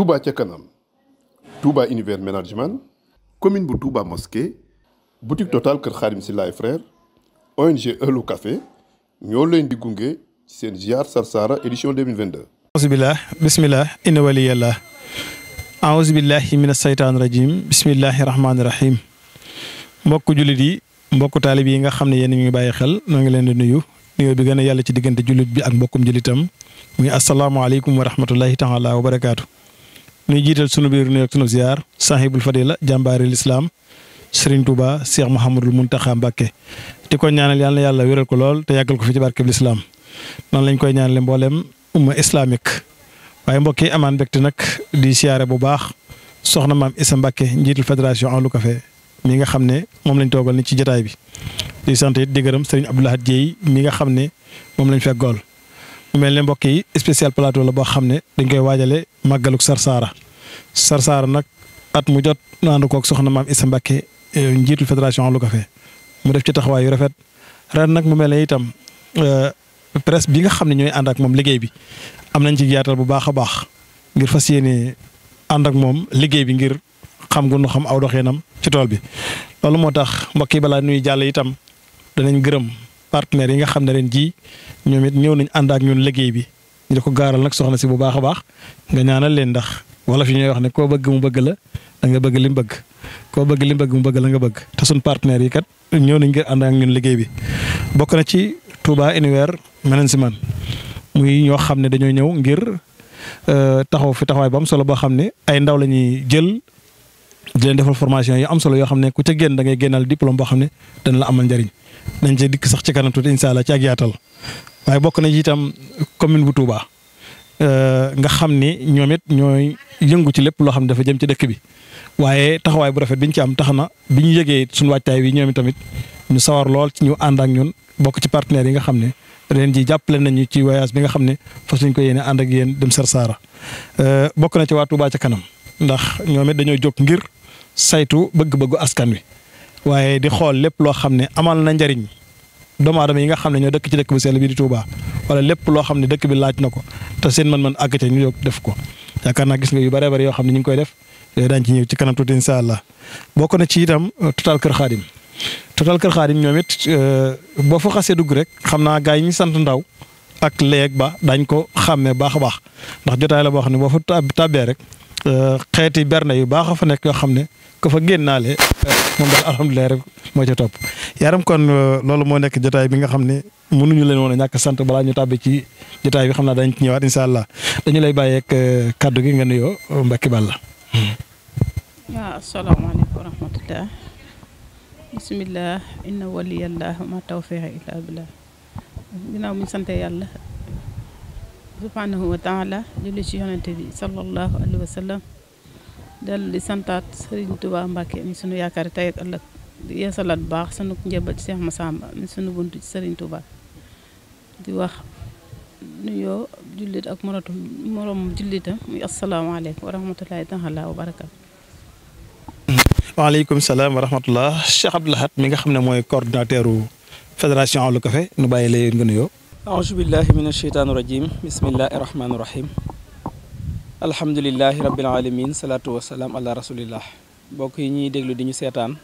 Touba ca kanam Touba univers management commune bu Touba mosquée boutique Total kër Xaadim Sylla et frères ONG Eulo Café ñoo leen di ziar Sarsara édition 2022 aousubillah bismillah inna waliyallah aousubillahi min asheytan rajim bismillahi rahmaani rahim mbokk jullit yi mbokk nga xam ne yéen ñu ngi bàyyi xel nuyu nuyoo bi yàlla ci diggante jullit bi ak mbokkum jullitam muy wa rahmatullahi taala wa barakaatu ñu jiital sunu biir nuyu ak sunu ziar sahibul fadila jàmbaari lislaam Serigne Touba Cheikh Mouhamadul Mountakha Mbacké di ko ñaanal yal na yàlla wéral ko lool te yàggal ko fi ci barkeb lislaam noonu lañ koy ñaanale mboolem umma islamique. waaye mbokk yi amaan mbégte nag di siyaare bu baax soxna maam Issa Mbacké njiital fédération Ahlu Café mi nga xam ne moom lañ toogal ni ci jotaay bi di sant it di gërëm Serigne Abdoulahat mi nga xam ne moom lañ mel ne mbokk yi spécial plateau la boo xam ne dañ koy waajale màggaluk Sarsara Sarsara nag at mu jot nu kook soxna maam Issa Mbacke eh, njiitu fédération Allou Café mu def ci taxawaay yu rafet ren nag mu mel ne itam eh, presse bi nga xam ne ñooy ànd ak moom liggéey bi am nañ ci yaatal bu baax a baax ngir fas yéene ànd ak moom liggéey bi ngir xam gu nu xam aw doxinam ci tool bi loolu moo tax mbokki balaa nuy jàll itam danañ gërëm. partenaires yi nga xamne len ji ñomit ñew nañ and ak ñun liggey bi ñu ko garal nak soxna ci bu baaxa baax nga ñaanal len ndax wala fi ñuy wax ne ko bëgg mu bëgg la da nga bëgg lim bëgg ko bëgg lim bëgg mu bëgg la nga bëgg ta sun partenaires yi kat ñew nañ ngir and ak ñun liggey bi bokk na ci Touba Univers Management muy ño xamne ne ñew ngir euh taxaw fi taxaway bam solo bo xamne ay ndaw lañuy jël di len defal formation yu am solo yo xamne ku ca genn da ngay gennal diplôme bo xamne dañ la amal ndariñ dañ ci dik sax ci kanam tout inshallah allah ci ak yaatal waaye bok na ci itam commune bu Touba euh, nga xam ni ñoy yëngu ci lepp lo xamne dafa jëm ci dekk bi. waaye taxaway bu rafet biñ ci am taxna biñu bi sun waccay wi ñoom tamit ñu sawar lol ci ñu and ak ñun bok ci partenaire yi nga xamne ne ji nañu ci voyage bi nga xamne ko and ak yeen dem Sarsara euh, bok na ci wa Touba ci kanam ndax ñoom dañoy dañoo ngir saytu bëgg-bëggu askan wi waaye di xool lépp loo xam ne amal na njariñ doomu aadama yi nga xam ne ñoo dëkk ci dëkk bu sell bi di Touba wala lépp loo xam ne dëkk bi laaj na ko te seen man mën àgg ca ñu def ko yaakaar naa gis nga yu bëree bëri yoo xam ne ñu koy def yooyu daañu ci ñëw ci kanam tuuti incha allah ko ne ci itam euh, total kër xaadim total kër xaadim ñoom it euh, boo fa xasee dugg rek xam naa gaa yi ñu sant ndaw ak léeg ba dañ ko xàmmee baax a baax ndax jotaay la boo xam ne boo fa tàbbee rek Euh, xeeti berne yu baax a fa nekk yoo xam ne ko fa génnaale moom daal alhamdulilah rek moo ca topp. yaram kon euh, loolu moo nekk jotaay bi nga xam ne mënuñu leen woon a ñàkk sant balaa ñu bi ci jotaay bi xam naa dañ ci ñëwaat incha allah dañu lay bàyyeeg euh, kàddu gi nga nuyoo Mbacke Balla. waaw asalaamaaleykum wa rahmatulah. bisimilah inna waliyallah ma tawfiq illa billah ginnaaw mi sante yàlla. سبحانه وتعالى جلي شي يونتبي صلى الله عليه وسلم دال لي سانتات سيرن توبا مباكي ني سونو ياكار تاي الله يا سلام باخ سونو نجب شيخ مسامبا ني سونو بونتو سيرن توبا دي واخ نيو جليت اك مراتو مروم جليتا السلام عليكم ورحمه الله تعالى وبركاته وعليكم السلام ورحمه الله شيخ عبد الله ميغا خامني موي كورديناتورو فيدراسيون لو كافي نو باي لي نيو أعوذ بالله من الشيطان الرجيم بسم الله الرحمن الرحيم الحمد لله رب العالمين صلاة والسلام على رسول الله بوكي ني ديغلو دي ني سيتان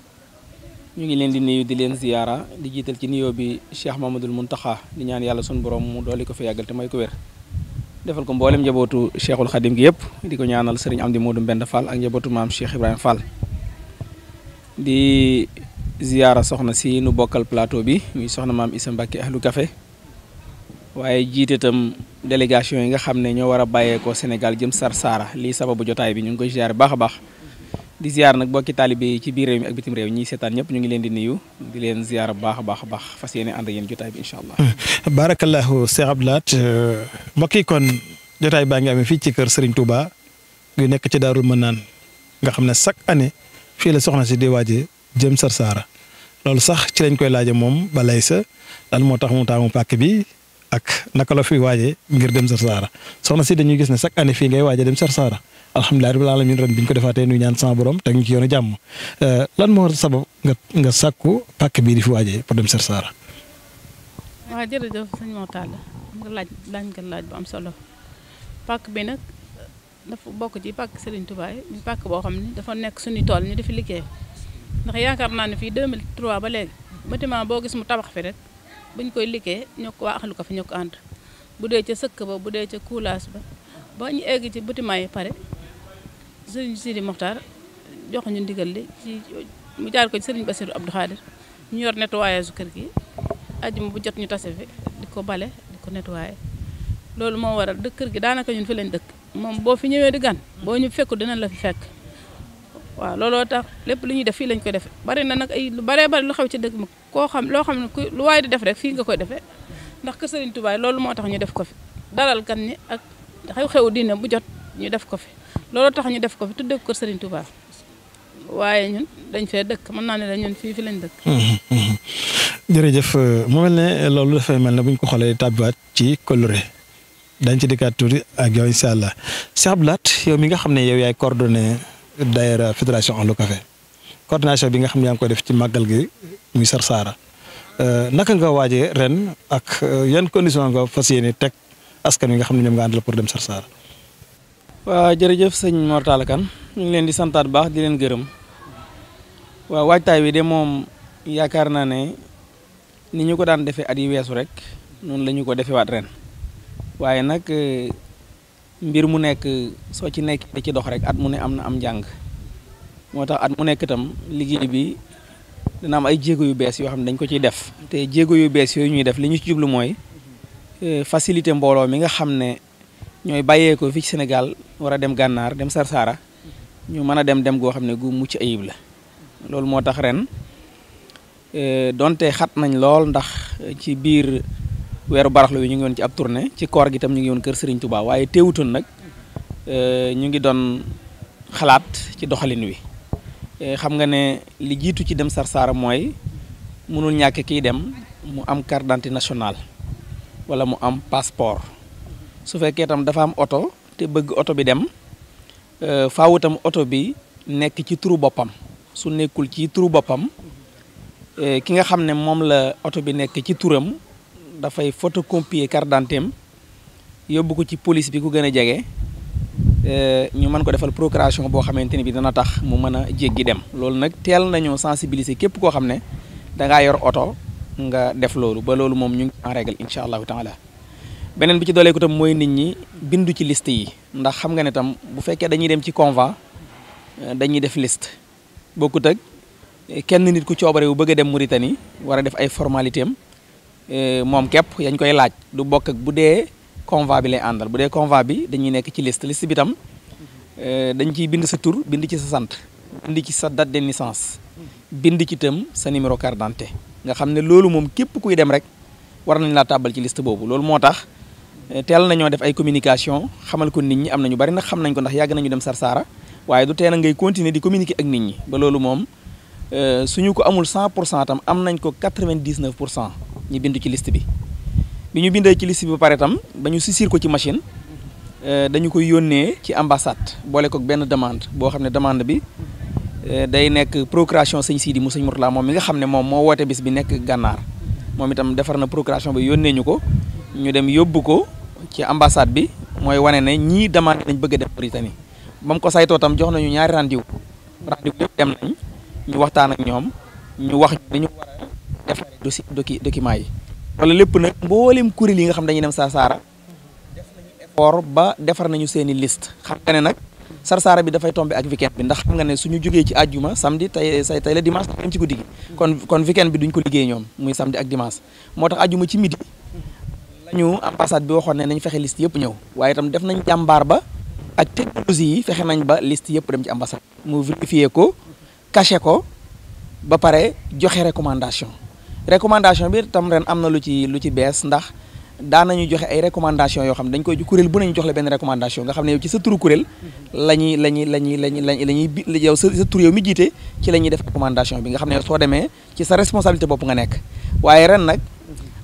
نيغي لين دي نيو دي لين زياره دي جيتال سي نيو بي شيخ محمود المنتخى دي نيان يالا سون بروم مو دولي كو في ياغال تماي كو وير ديفال كو مبولم جابوتو شيخ الخديم جي ييب ديكو نيانال سيرن عبد المود بند فال اك جابوتو مام شيخ ابراهيم فال دي زياره سخنا سي نو بوكال بلاتو بي مي سخنا مام اسم باكي اهلو كافيه waye jiite tam délégation yi nga xamné ño wara bayé ko Sénégal jëm Sarsara li sababu jotay bi ñu ngi ziar bax bax di ziar nak bokki talibé ci biir réew mi ak bitim réew ñi seetaan ñep ñu ngi leen di nuyu di leen ziar bax bax bax a and yeen jotay bi inshallah barakallahu Cheikh abdallah euh, mbokki kon jotay ba nga am fi ci kër Serigne Touba gu nekk ci darul manan nga xamné chaque année fi la soxna ci di jëm Sarsara loolu sax ci lañ koy laaje mom balay sa dal motax mu taamu pak bi ak naka la fuy waaje ngir dem sar sara soxna si dañuy gis ne chaque année fi ngay waaje dem sar sara alhamdulilah rabbil alamin ren biñ ko defaatee nuy ñaan sama borom teg ñu ci yoonu euh lan mo sabab nga nga sakku pak bi di fi waaje pour dem sar Sarsara. waaw jërëjëf sëñ Mor Talla am nga laaj dañ nga laaj bu am solo pak bi nag dafa bok ci pak Serigne Touba yi pak bo xamni ne dafa nekk suñu tol ñu di fi ndax yaakar na ni fi 2003 ba léegi bâtiment bo gis mu tabax fi rek. buñ koy liggéey ñoo ko waa axlu ko fi ñokk ko bu dee ca sëkk ba bu dee ca kuulaas ba ba ñu egg ci bâtiment yi pare sëriñ Sidi Moxtaar jox ñu ndigal li ci mu jaar ko ci sëriñ Basiru Abdou Khadir ñu yor nettoyage kër gi ajuma bu jot ñu tase fi di ko bale di ko nettoyé loolu moo waral dëkk kër gi daanaka ñun fi leen dëkk moom boo fi ñëwee di gan boo ñu fekku dinañ la fi fekk waaw looloo tax lépp lu ñuy def fii lañ koy defee bari na nag ay lu baree bari lu xew ci dëkk bi koo xam loo xam ne ku lu waay di def rek fii nga koy defee ndax kër Serigne loolu moo tax ñu def ko fi dalal gan ñi ak xew-xewu diine mu jot ñu def ko fi looloo tax ñu def ko fi tuddee ko kër Touba waaye ñun dañ fee dëkk mën naa ne la ñun fii fi lañ dëkk. jërëjëf mu mel ne loolu dafay mel ne buñ ko xoolee tàbbiwaat ci coloré dañ ci dëkkaat tuuti ak yow incha allah Cheikh Abdou mi nga xam ne yow yaay coordonné. daayira federation Andu Café coordination bi nga xamni yang koy def ci magal gi muy euh naka nga waajee ren ak euh, yan condition nga fas tek askan yi nga xamni ñom nga andal pour dem Sarsara. wa jërëjëf sëñ Mor Talla Kane ñu ngi leen di santat baax di leen wa waj tay wi de mom yaakaar na ne ni ñu ko daan defee at yi weesu rek non lañu ko ko wat ren waaye nag. Euh, mbir mu nekk soo ci nekk ci dox rek at mu ne am na am njàng moo tax at mu nekk itam liggéey bi dana am ay jéego yu bees yoo xam ne dañ ko ciy def te jéego yu bees yooyu ñuy def li ñu ci jublu mooy e, facilité mbooloo mi nga xam ne ñooy bàyyee ko fii ci Sénégal war a dem gànnaar dem Sarsara ñu mën a dem dem goo xam ne gu mucc ayib la loolu moo tax ren e, donte xat nañ lool ndax ci biir wéru baraxlu wi ñu ngi won ci ab tournée ci koor gi tam ñu ngi won kër Serigne Touba téwutun nak euh ñu ngi don xalaat ci doxalin wi eh, xam nga né li jitu ci dem Sarsara moy mënul ñak ki dem mu am carte d'identité nationale wala mu am passeport su fekkee tam dafa am auto té bëgg auto bi dem eh, faawu tam auto bi nekk ci turu bopam su nekkul ci turu euh ki nga mom la auto bi nekk ci turam dafay photocopier carte d'identité am yóbbu ko ci police bi ku gën a jege euh, ñu mën ko defal procuration boo xamante ni bi dana tax mu mën a jéggi dem loolu nag teel nañoo sensibiliser képp koo xam ne da ngaa yor oto nga def loolu ba loolu moom ñu ngi en règle incha allahu taala beneen bi ci dooleeku tam mooy nit ñi bindu ci liste yi ndax xam nga ne tam bu fekkee dañuy dem ci convoi euh, dañuy def liste bokkut ak kenn nit ku coobare wu bëgg dem muritani war a def ay formalité am Eh, moom képp yañ koy laaj du bokk ak bu dee convoi bi lay àndal bu dee convoi bi dañuy nekk ci liste liste bi tam eh, dañ ciy bind sa tur bind ci sa sant bind ci sa date de naissance bind ci itam sa numéro carte d'identité nga xam ne loolu moom kuy dem rek war nañ laa tàbbal ci liste boobu loolu moo tax eh, teel def ay communication xamal ko nit ñi am na ñu bari nag xam nañ ko ndax yàgg nañu dem Sarsara waaye du teel ngay continuer di communiquer ak nit ñi ba loolu suñu ko amul 100 tam am nañ ko 99 ñu bind ci liste bi bi ñu bindee ci liste bi ba pare tam ba ñu sisir ko ci machine euh, dañu koy yónnee ci ambassade boole ko benn demande boo xam ne demande bi euh, day nekk procuration sëñ Sidi mu sëñ Mourtala moom mi nga xam ne moom moo woote bis bi nekk gànnaar moom itam defar na procuration bi yónnee ñu ko ñu dem yóbbu ko ci ambassade bi mooy wane ne ñii demande nañ bëgg a dem Mauritanie ba mu ko saytoo tam jox nañu ñaari rendez-vous rendez-vous yëpp dem nañ ñu waxtaan ak ñoom defaree dosi doki document yi wala lépp nag mboolem kuréel yi nga xam dañuy dem Sarsara def nañu effort ba defar nañu seen i liste xam nga ne nag Sarsara bi dafay tombé ak weekend bi ndax xam nga ne suñu jógee ci àjjuma samedi tey say tey la dimanche dem ci guddi kon kon weekend bi duñ ko liggéey ñoom muy samedi ak dimanche moo tax àjjuma ci midi lañu ambassade bi waxoon ne nañ fexe list yëpp ñëw waaye itam def nañ jàmbaar ba ak technologie yi fexe nañ ba liste yëpp dem ci ambassade mu vérifier ko caché ko ba pare joxe recommandation recommandation bi tam ren am na lu ci lu ci bees ndax daan nañu joxe ay recommandation yoo xam ne dañ koy kuréel bu nañu jox la benn recommandation nga xam ne yow ci sa turu la ñuy la ñuy la la ñuy la ñuy sa tur yow mi jiite ci la ñuy def recommandation bi nga xam ne soo demee ci sa responsabilité bopp nga nekk waaye ren nag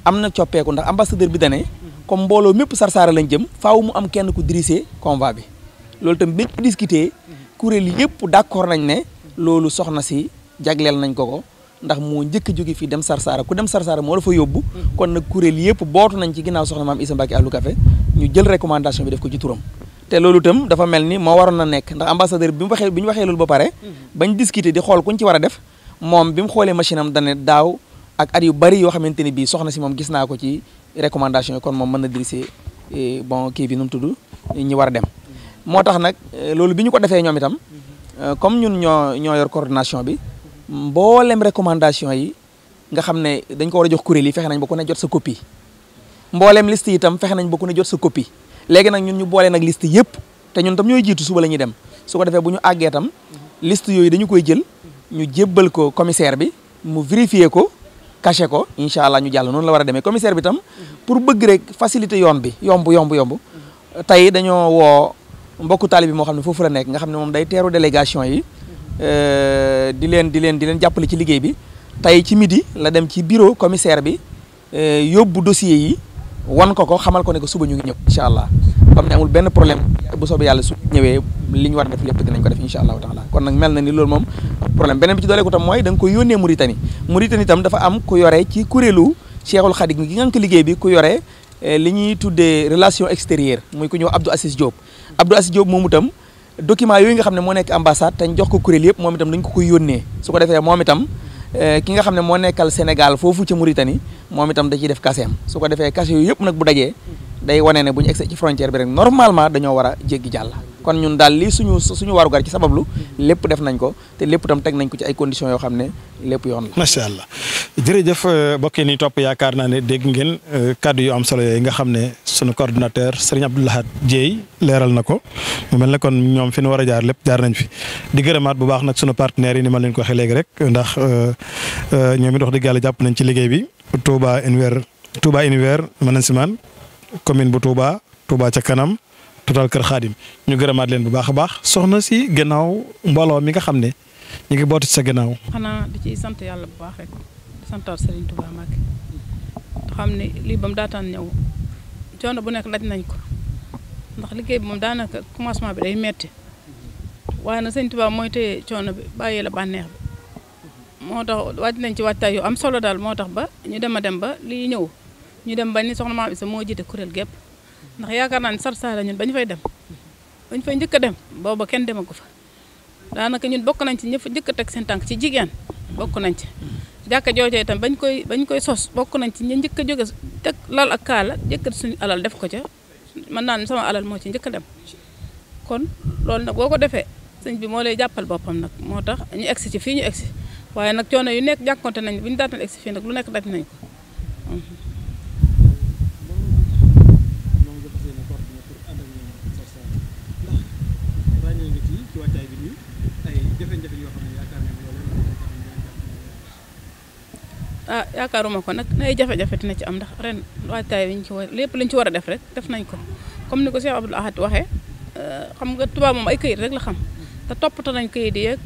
am na coppeeku ndax ambassadeur bi dane comme mbooloo mépp Sarsara lañ jëm faaw mu am kenn ku diriger convoi bi loolu tam bi ñu discuter kuréel yëpp d'accord nañ ne loolu soxna si jagleel nañ ko ko ndax moo njëkk a jóge fii dem Sarsara ku dem Sarsara moo la fa yóbbu kon nag kuréel yëpp bootu nañ ci ginnaaw soxna maam Issa Mbacké Allou Café ñu jël recommandation bi def ko ci turam te loolu itam dafa mel ni moo waroon na nekk ndax ambassadeur bi mu waxee bi ñu waxee loolu ba pare bañ discuter di xool kuñ ci war a def moom bi mu xoolee machine am dane daaw ak at yu bari yoo xamante ni bii soxna si moom gis naa ko ci recommandation yi kon moom mën na diriger eh, bon kii bi nu tudd ñi war a dem moo tax nag eh, loolu bi ñu ko defee ñoom itam eh, comme ñun ñoo ñoo yor coordination bi mboolem recommandation yi nga xam ne dañ koo war a jox kuréel yi fexe nañ ba ku ne jot sa copie mboolem liste itam fexe nañ ba ku jot sa copie léegi nag ñun ñu boole nag liste yëpp te ñun tam ñooy jiitu suba la ñuy dem su ko defee bu ñu àggee tam list yooyu dañu koy jël ñu jëbal ko commissaire bi mu vérifier ko caché ko incha allah ñu jàll noonu la war a demee commissaire bi tam pour bëgg rek faciliter yoon bi yombu yombu yombu tey dañoo woo mbokku taalibe bi moo xam ne foofu la nekk nga xam ne moom day teeru délégation yi Eh, di len di len di len jappale ci liggey bi tay ci midi la dem ci bureau commissaire bi euh yobbu dossier yi wan ko ko xamal ko ne ko suba ñu ngi ñew inshallah allah ne amul ben problème bu soobee yalla su ñewé li war def lepp dinañ ko def inshallah taala kon nak melna ni lool mom problème benen bi ci ko tam moy dang ko yone yónnee Mauritanie Mauritanie tam dafa am ku yoré ci kurelu Cheikhul Khadim gi nga ko liggéey bi ku yoré eh, liñuy tuddé relation extérieure muy ku ñëw Abdou Assis Diop Abdou Assis Diop momu tam document yooyu nga xam ne moo nekk ambassade te ñu jox ko kuréel yëpp moom itam dañ ko koy yónnee su ko defee moom itam eh, ki nga xam ne moo nekkal Sénégal foofu ca Mauritanie moom itam dañuy ciy def kaseem su ko defee kase yooyu yëpp nag bu dajee day wane ne bu ñu egsee ci frontière bi rek normalement dañoo war a jéggi jàll kon ñun daal lii suñu suñu warugar ci sabablu lépp def nañ ko te lépp tam teg nañ ko ci ay conditions yoo xam ne lépp yoon macha allah jërëjëf euh, mbokk yi topp yaakaar naa ne dégg ngeen euh, kàddu yu am solo yooyu nga xam ne sunu coordinateur Serigne Abdou Lahad Dieye leeral na ko mu mel ne kon ñoom fi nu war a jaar lépp jaar nañ fi di gërëmaat bu baax nag sunu partenaires yi ni ma leen ko waxee léegi rek ndax euh, ñoom it wax dëgg yàlla jàpp nañ ci liggéey bi Touba Univers Touba Univers Manassimane commune bu Touba Touba ca kanam total kër xaadim ñu gërëmaat leen bu baax a baax soxna si gannaaw mbooloo mi nga xam ne ñu ngi bootu sa gannaaw. xanaa di ciy sant yàlla bu baax rek di santaat Serigne Touba Mbacké xam ne lii ba mu daataan ñëw coono bu nekk daj nañ ko ndax liggéey bi moom daanaka commencement bi day metti waaye nag Serigne Touba mooy téye coono bi bàyyi la bànneex bi. moo tax wàcc nañ ci waajtaay yu am solo daal moo tax ba ñu dem a dem ba lii ñëw ñu dem ba ni soxna Maam Isa moo jiite kuréel gépp ndax yaakaar naa ne Sarsara ñun ba ñu fay dem ba ñu fay njëkk a dem booba kenn demagu fa daanaka ñun bokk nañ ci ñëpp njëkk a teg seen tànk ci jigéen bokk nañ ci. jàkka joojee itam bañ koy bañ koy sos bokk nañ ci ñu njëkk a jóge teg lal ak kaala jëkkat suñu alal def ko ca mën naa ne sama alal moo ci njëkk dem kon loolu nag boo ko defee sëñ bi moo lay jàppal boppam nag moo tax ñu egsi ci fii ñu egsi waaye nag coono yu nekk jàkkoonte nañ bu ñu daataan egsi fii nag lu nekk daj nañ ko ah yaakaaruma ko nag nay jafe dina ci am ndax ren waajtaay yi ñu ci war lépp lañ ci war a def rek def nañ ko comme ni ko Cheikh Abdoul Ahad waxee euh, xam nga tubaab moom ay rek la xam te toppatoo nañ këyit yeeg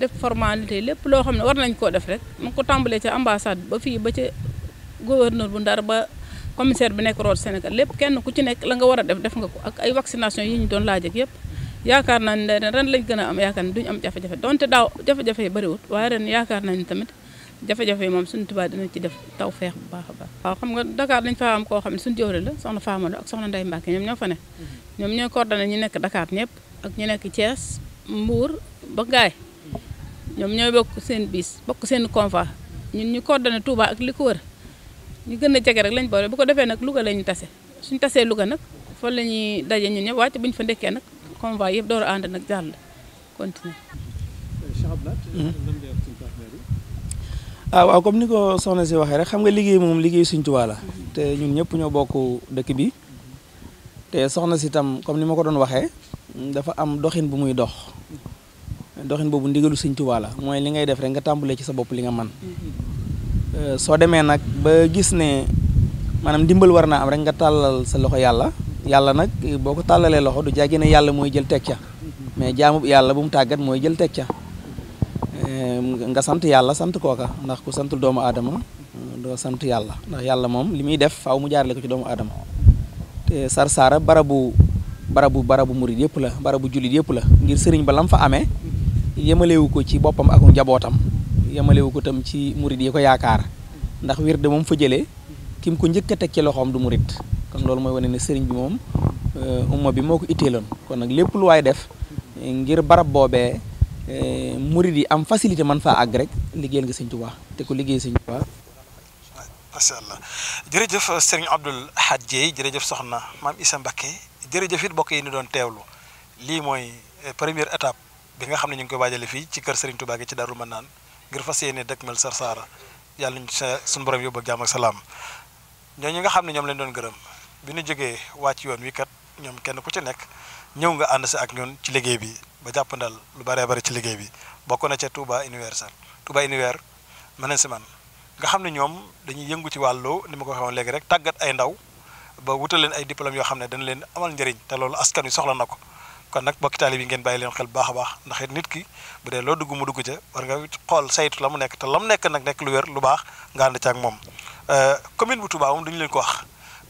def formalité lépp loo xam ne war nañ koo def rek mu ko tàmbalee ca ambassade ba fii ba ca gouverneur bu Ndar ba commissaire bi nekk root Sénégal lépp kenn ku ci nekk la nga war a def def nga ko ak ay vaccination yi ñu doon laaj ak yëpp yaakaar naa ne ren lañ gën a am yaakaar ne duñ am jafe-jafe donte daaw jafe-jafe yi bëriwut waaye ren yaakaar nañ tamit jafe-jafe yi moom suñu Tuubaa dina ci def taw feex bu baax a baax waaw xam nga Dakar dañ fa am koo xam ne suñu jëwre la soxna Faama Lo ak soxna Ndey Mbàkke ñoom ñoo fa ne mhm. ñoom ñooy coordonné ñu nekk Dakar ñëpp ak ñu nekk Thiès Mbuur ba Gaay ñoom ñooy bokk seen biis bokk seen convoi ñun ñu coordonné Touba ak li ko wër ñu gën a jege rek lañ boole bu ko defee nag Louga la tase suñu tasee Louga nag fa la ñuy daje ñëpp wàcc bu ñu fa ndekkee nag convoi yëpp door a ànd nag jàll continuer Ah, aw aw comme niko sonna ci si rek xam nga liggey mom liggey seigne touba la te ñun ñepp ñoo bokku dëkk bi te soxna si tam comme nima ko doon waxe dafa am doxine bu muy dox doxine bobu ndigalu seigne touba la moy li ngay def rek nga tambulé ci sa bop li nga man euh, so démé nak ba gis ne manam dimbal warna am rek nga talal sa loxo yalla yalla nak boko talalé loxo du jagne yalla moy jël teg mais jaamu yalla bu mu tagat moy jël Eh, nga sant yàlla sant kooka ndax ku santul doomu adama eh, doo sant yàlla ndax yàlla moom li muy def faaw mu jaarale ko ci doomu aadama te Sarsara barabu bu barabu murid yëpp la barabu jullit yëpp la ngir sëriñ ba lam fa amee yemalewu ko ci boppam ak njabootam yemalewu ko tam ci murid yi ko yaakaar ndax wér de moom fa jëlee kim ko njëkk teg ci loxoom du murid kon loolu mooy wane ne sëriñ bi moom eh, umma bi moo ko itteeloon kon nag lépp lu waay def ngir barab boobee. Eh, murid yi am facilité man fa àgg rek liggéeyal nga sëñ Tuubaa te ku liggéey sëñ Tuubaa macha allah jërëjëf euh, sëriñ Abdoul Ahad Dieye jërëjëf soxna maam Issa Mbacké jërëjëf it mbokk yi ñu doon teewlu lii mooy euh, première étape bi nga xam ne ñu ngi koy waajale fii ci kër sëriñ Tuubaa ci Daaru Manaan ngir fas yéene dëkkmal Sarsara yàlla ñu sa suñu borom yóbbu ak jàmm ak salaam nga xam ne lañ doon gërëm bi ñu jógee yoon wi kat kenn ku ci nga ak ñun ci liggéey bi ba jàppandal lu bare bëri ci liggéey bi bokk na ca Touba Universel Touba Univers management nga xam ne ñoom dañuy yëngu ci wàllu ni ma ko waxoon léegi rek tàggat ay ndaw ba wutal leen ay diplôme yoo xam ne dana leen amal njëriñ te loolu askan wi soxla na ko kon nag bokki taali bi ngeen bàyyi leen xel baax a baax ndax it nit ki bu dee loo dugg mu dugg ca war nga xool saytu la mu nekk te la mu nekk nag nekk lu wér lu baax nga ànd ca ak moom euh, commune bu Touba moom dañu leen ko wax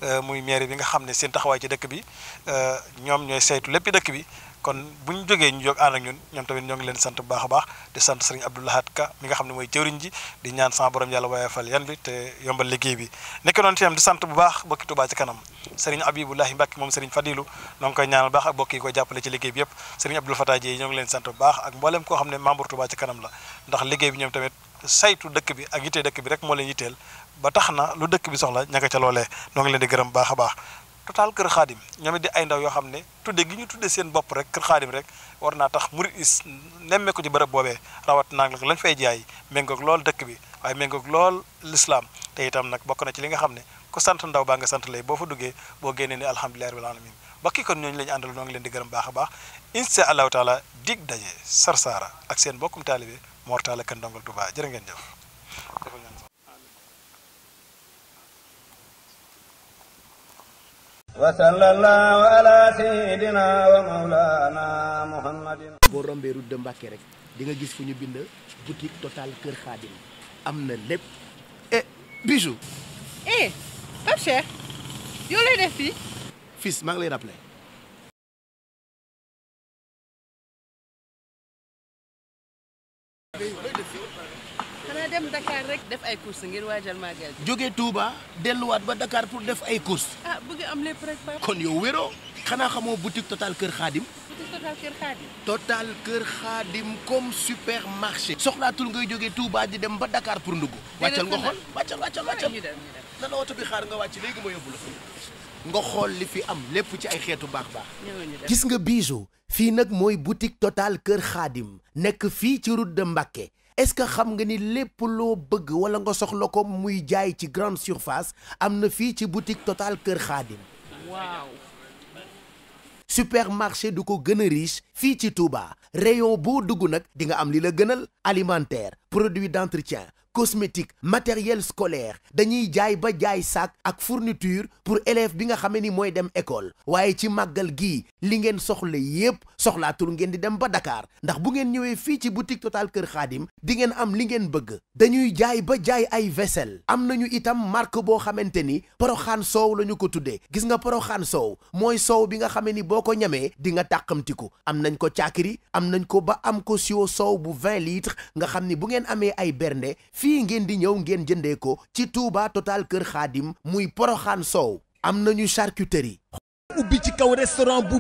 euh, muy mairie bi nga xam ne seen taxawaay ci dëkk bi euh, ñoom ñooy saytu lépp dëkk bi kon bu ñu jógee ñu jóg ànd ñun ñoom tamit ñoo ngi leen sant bu baax a baax di sant sëriñ Abdou Lahad Ka mi nga xam ne mooy jëwriñ ji di ñaan sama borom yàlla woyofal yan bi te yombal liggéey bi nekk noonu itam di sant bu baax bokki tubaa ci kanam sëriñ Abibulahi Mbàkke moom sëriñ Fadilu noo ngi koy ñaanal baax ak bokk ko koy jàppale ci liggéey bi yëpp sëriñ Abdou Fatah Dieye leen sant bu baax ak mboolem koo xam ne membre Touba ci kanam la ndax liggéey bi ñoom tamit saytu dëkk bi ak yitte dëkk bi rek moo leen yitteel ba tax na lu dëkk bi soxla ña nga ca loolee noo ngi leen di gërëm baax totaal kër xaadim ñoom it di ay ndaw yoo xam ne tudde gi ñu tudde seen bopp rek kër xaadim rek war naa tax murit is nemmee ko ci bërëb boobee rawat naa nag lañ fay jaay méngoog lool dëkk bi waaye méngoog lool lislaam te itam nag bokk na ci li nga xam ne ku sant ndaw baa nga sant lay boo fa duggee boo génnee ne alhamdulillahi rabbil alamin bakki kon ñooñu la ñu àndal noo ngi leen di gërëm baax a baax insha allahu taala dig daje sarsaara ak seen bokkum taalibe Mor Talla Kan Ndongal Touba jërë ngeen jëf وصلى الله على سيدنا ومولانا محمد boo rombee route de Mbacké rek di nga gis fu ñu bind boutique Total Kër Xaadim am na lépp eh bijou eh Pape Cheikh yow lay def fii fils maa ngi lay rappelé def ay courses ngir waajal màggal gi. jóge Touba delluwaat ba Dakar pour def ay courses. ah am lépp rek kon yow wéroo xanaa xamoo boutique Total Kër Xaadim. Total Kër Xaadim. Total Kër Xaadim comme supermarché. soxlaatul ngay jóge Touba di dem ba dakaar pour ndugg. wàccal nga xool wàccal wàccal ah, wàccal. ñu bi xaar nga wàcc léegi ma xool li fi am lépp ci ay xeetu baax baax. gis nga bijou fii nag mooy boutique Total Kër Xaadim nekk fii ci route de Mbacké est-ce que xam nga ni lépp loo bëgg wala nga soxla ko muy jaay ci grande surface am na fii ci boutique Total Kër Xaadim waaw supermarché du ko gën a riche fii ci Touba rayon boo dugg nag di nga am li la gënal alimentaire produit d'entretien cosmétique matériel scolaire dañuy jaay ba jaay sac ak fourniture pour élève bi nga xamé ni moy dem école waye ci magal gi li ngeen soxla yépp tul ngeen di dem ba Dakar ndax bu ngeen ñëwé fi ci boutique Total keur khadim di ngeen am li ngeen bëgg dañuy jaay ba jaay ay vaisselle am nañu itam marque bo xamanteni ni sow lañu ko tuddé gis nga poroxaan sow moy sow bi nga xamé ni boko ñamé di nga takamtiku am nañ ko tiakri am nañ ko ba am ko sio sow bu 20 litres nga xamni bu ngeen amé ay bernde fii ngeen di ñëw ngeen jëndee ko ci Touba Total Kër Xaadim muy Poroxaan soow am nañu charcuterie ubbi ci restaurant bu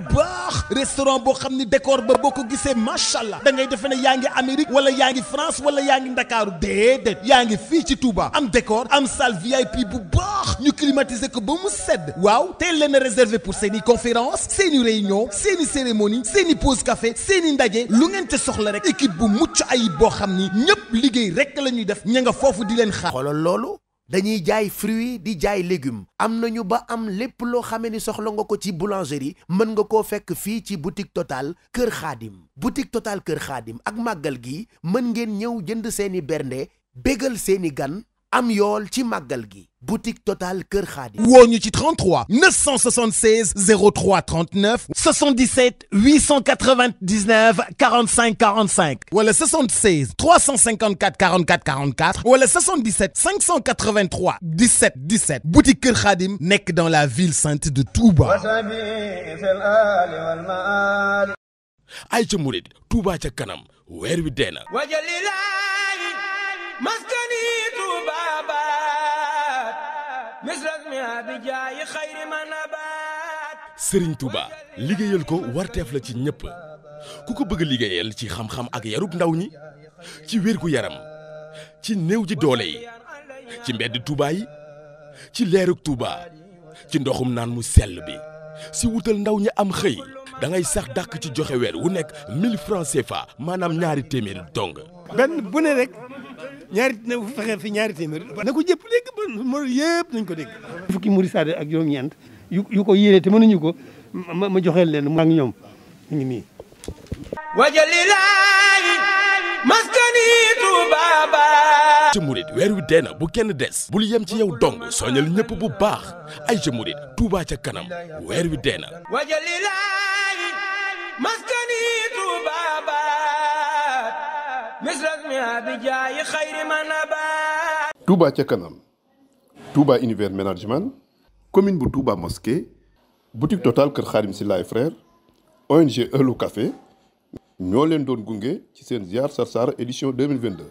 restaurant boo décor ba boo ko gisee macha allah da ngay Amérique wala la ngi France wala la ngi Dakar déedéet yaa ngi fii ci Touba am décor am salle VIP bu baax ñu climatiser ko ba mu sedd waaw réservé pour séni conférence séni réunion séni cérémonie séni pause café séni indagé. lu te soxla rek équipe bu mucc ayib ni ñépp liggéey rek la ñuy def ña nga foofu di leen xaar dañuy jaay fruits di jaay légumes am nañu ba am lépp loo xamee ni soxla nga ko ci boulangerie mën nga koo fekk fii ci boutique Total Kër Xaadim boutique Total Kër Xaadim ak màggal gi mën ngeen ñëw jënd seeni bernde bégal seeni gan Amiol boutique Total Kër ou 33 976 03 39 77 899 45 45 le 76 354 44 44 wala 77 583 17 17 boutique Kër N'est dans la ville sainte de Touba. ay Touba sëriñ Touba liggéeyal ko warteef la ci ñëpp ku ko bëgg liggéeyal ci xam-xam ak yarub ndaw ñi ci wérgu yaram ci néew ji doole yi ci mbedd Touba yi ci leerug Touba ci ndoxum naan mu sell bi si wutal ndaw ñi am xëy dangay ngay sax dàkk ci joxe weer wu nekk 1000 francs CFA maanaam ñaari téeméeri dong. benn bu ne rek. ñaari na fexe ñaari téeméer na ko jëpp dégg ba murid yëpp nañ ko dégg fukki murid saade ak juróom-ñeent yu yu ko yéene te mënuñu ko ma ma joxeel leen maa ngi ñoom ñu ngi nii wajalilaayi maskani tubaaba Ayca weer wi dee bu kenn des bul yem ci yow dong soñal ñëpp bu baax Ayca Mouride Touba ca kanam weer wi dee na. Touba ca kanam Touba univers management commune bu Touba mosquée boutique Total kër Xaadim Sylla et frères ONG Eulo Café ñoo leen doon gunge ci seen ziar Sarsara édition 2022